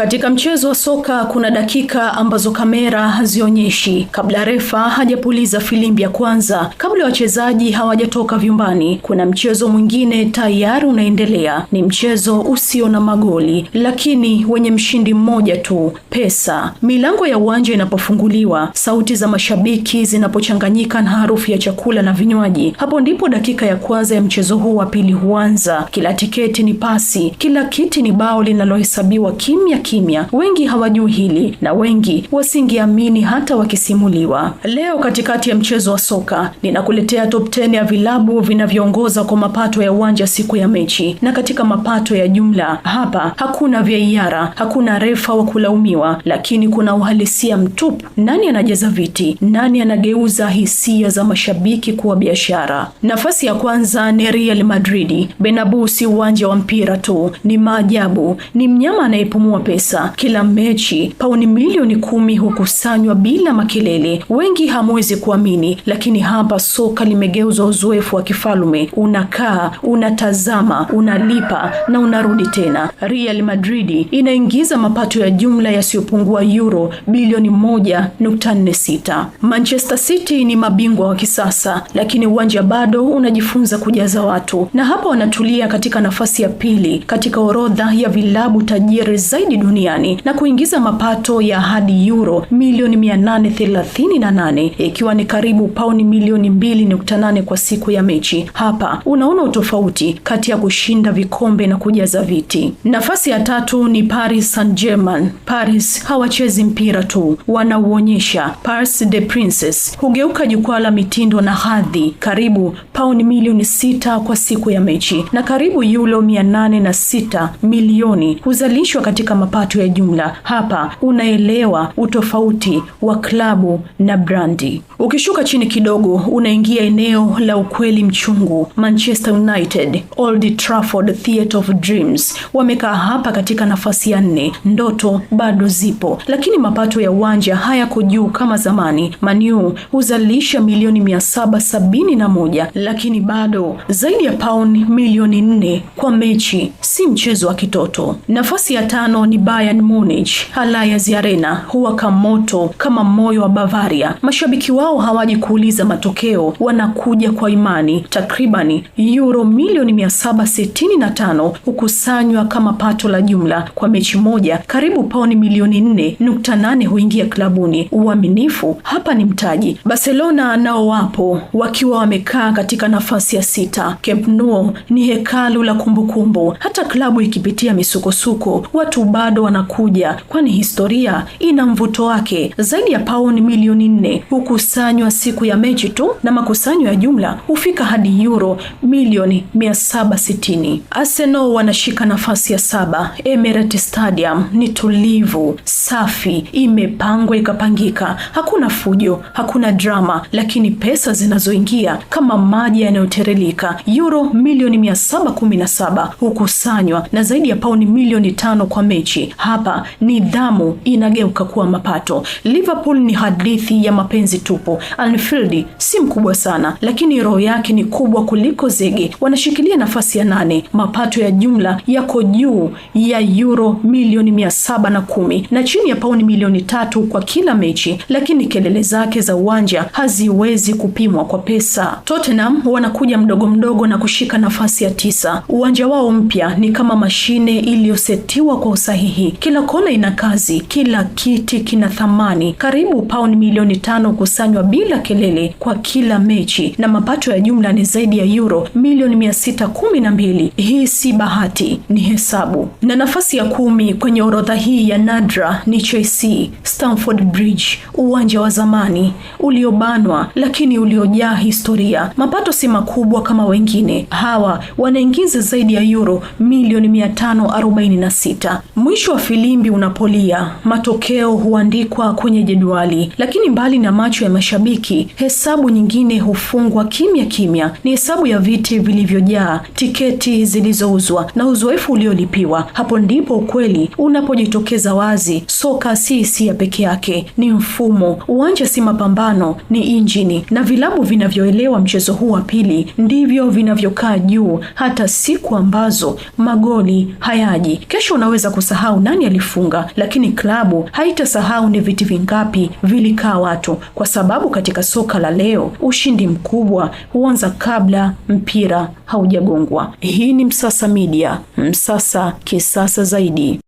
Katika mchezo wa soka kuna dakika ambazo kamera hazionyeshi, kabla refa hajapuliza filimbi ya kwanza, kabla wachezaji hawajatoka vyumbani. Kuna mchezo mwingine tayari unaendelea, ni mchezo usio na magoli, lakini wenye mshindi mmoja tu, pesa. Milango ya uwanja inapofunguliwa, sauti za mashabiki zinapochanganyika na harufu ya chakula na vinywaji, hapo ndipo dakika ya kwanza ya mchezo huu wa pili huanza. Kila tiketi ni pasi, kila kiti ni bao linalohesabiwa kimya kimya. Wengi hawajui hili na wengi wasingeamini hata wakisimuliwa. Leo katikati ya mchezo wa soka ninakuletea top 10 ya vilabu vinavyoongoza kwa mapato ya uwanja siku ya mechi, na katika mapato ya jumla hapa hakuna vya iara, hakuna refa wa kulaumiwa, lakini kuna uhalisia mtupu. Nani anajaza viti? Nani anageuza hisia za mashabiki kuwa biashara? Nafasi ya kwanza ni Real Madrid. Bernabeu si uwanja wa mpira tu, ni maajabu, ni mnyama anayepumua pesa pesa kila mechi. Pauni milioni kumi hukusanywa bila makelele. Wengi hamwezi kuamini, lakini hapa soka limegeuzwa uzoefu wa kifalume. Unakaa, unatazama, unalipa na unarudi tena. Real Madrid inaingiza mapato ya jumla yasiyopungua euro bilioni moja nukta nne sita. Manchester City ni mabingwa wa kisasa, lakini uwanja bado unajifunza kujaza watu, na hapa wanatulia katika nafasi ya pili katika orodha ya vilabu tajiri zaidi duniani na kuingiza mapato ya hadi euro milioni 838 ikiwa ni karibu pauni milioni 2.8 kwa siku ya mechi. Hapa unaona utofauti kati ya kushinda vikombe na kujaza viti. Nafasi ya tatu ni Paris Saint-Germain. Paris hawachezi mpira tu, wanauonyesha. Paris de Princes hugeuka jukwaa la mitindo na hadhi, karibu pauni milioni sita kwa siku ya mechi na karibu euro 806 milioni huzalishwa katika mapato ya jumla. Hapa unaelewa utofauti wa klabu na brandi. Ukishuka chini kidogo, unaingia eneo la ukweli mchungu. Manchester United, Old Trafford, Theatre of Dreams wamekaa hapa katika nafasi ya nne. Ndoto bado zipo, lakini mapato ya uwanja hayako juu kama zamani. manu huzalisha milioni mia saba sabini na moja lakini bado zaidi ya pauni milioni nne kwa mechi si mchezo wa kitoto. Nafasi ya tano ni Bayern Munich, Allianz Arena kama moto kama moyo wa Bavaria. Mashabiki wao hawaji kuuliza matokeo, wanakuja kwa imani. Takribani euro milioni 765 hukusanywa kama pato la jumla kwa mechi moja, karibu paoni milioni 4.8 huingia klabuni. Uaminifu hapa ni mtaji. Barcelona nao wapo wakiwa wamekaa katika nafasi ya sita. Camp Nou ni hekalu la kumbukumbu kumbu. Hata klabu ikipitia misukosuko watu bado bado wanakuja, kwani historia ina mvuto wake. Zaidi ya pauni milioni nne hukusanywa siku ya mechi tu na makusanyo ya jumla hufika hadi euro milioni 760. Arsenal wanashika nafasi ya saba. Emirates Stadium ni tulivu, safi, imepangwa ikapangika, hakuna fujo, hakuna drama, lakini pesa zinazoingia kama maji yanayoterelika. Euro milioni 717 hukusanywa na zaidi ya pauni milioni tano kwa mechi nchi. Hapa nidhamu inageuka kuwa mapato. Liverpool ni hadithi ya mapenzi tupo. Anfield si mkubwa sana, lakini roho yake ni kubwa kuliko zege. Wanashikilia nafasi ya nane, mapato ya jumla yako juu ya euro milioni mia saba na kumi na chini ya pauni milioni tatu kwa kila mechi, lakini kelele zake za uwanja haziwezi kupimwa kwa pesa. Tottenham wanakuja mdogo mdogo na kushika nafasi ya tisa. Uwanja wao mpya ni kama mashine iliyosetiwa kwa usahihi sahihi. Kila kona ina kazi, kila kiti kina thamani. Karibu pauni milioni tano kusanywa bila kelele kwa kila mechi, na mapato ya jumla ni zaidi ya euro milioni mia sita kumi na mbili. Hii si bahati, ni hesabu. Na nafasi ya kumi kwenye orodha hii ya nadra ni Chelsea, Stamford Bridge, uwanja wa zamani uliobanwa lakini uliojaa historia. Mapato si makubwa kama wengine, hawa wanaingiza zaidi ya euro milioni mia tano arobaini na sita. Mwisho wa filimbi unapolia, matokeo huandikwa kwenye jedwali, lakini mbali na macho ya mashabiki, hesabu nyingine hufungwa kimya kimya. Ni hesabu ya viti vilivyojaa, tiketi zilizouzwa na uzoefu uliolipiwa. Hapo ndipo ukweli unapojitokeza wazi: soka si hisia peke yake, ni mfumo. Uwanja si mapambano, ni injini, na vilabu vinavyoelewa mchezo huu wa pili ndivyo vinavyokaa juu, hata siku ambazo magoli hayaji. Kesho unaweza kusahau kusahau nani alifunga, lakini klabu haitasahau ni viti vingapi vilikaa watu, kwa sababu katika soka la leo ushindi mkubwa huanza kabla mpira haujagongwa. Hii ni Msasa Media, Msasa kisasa zaidi.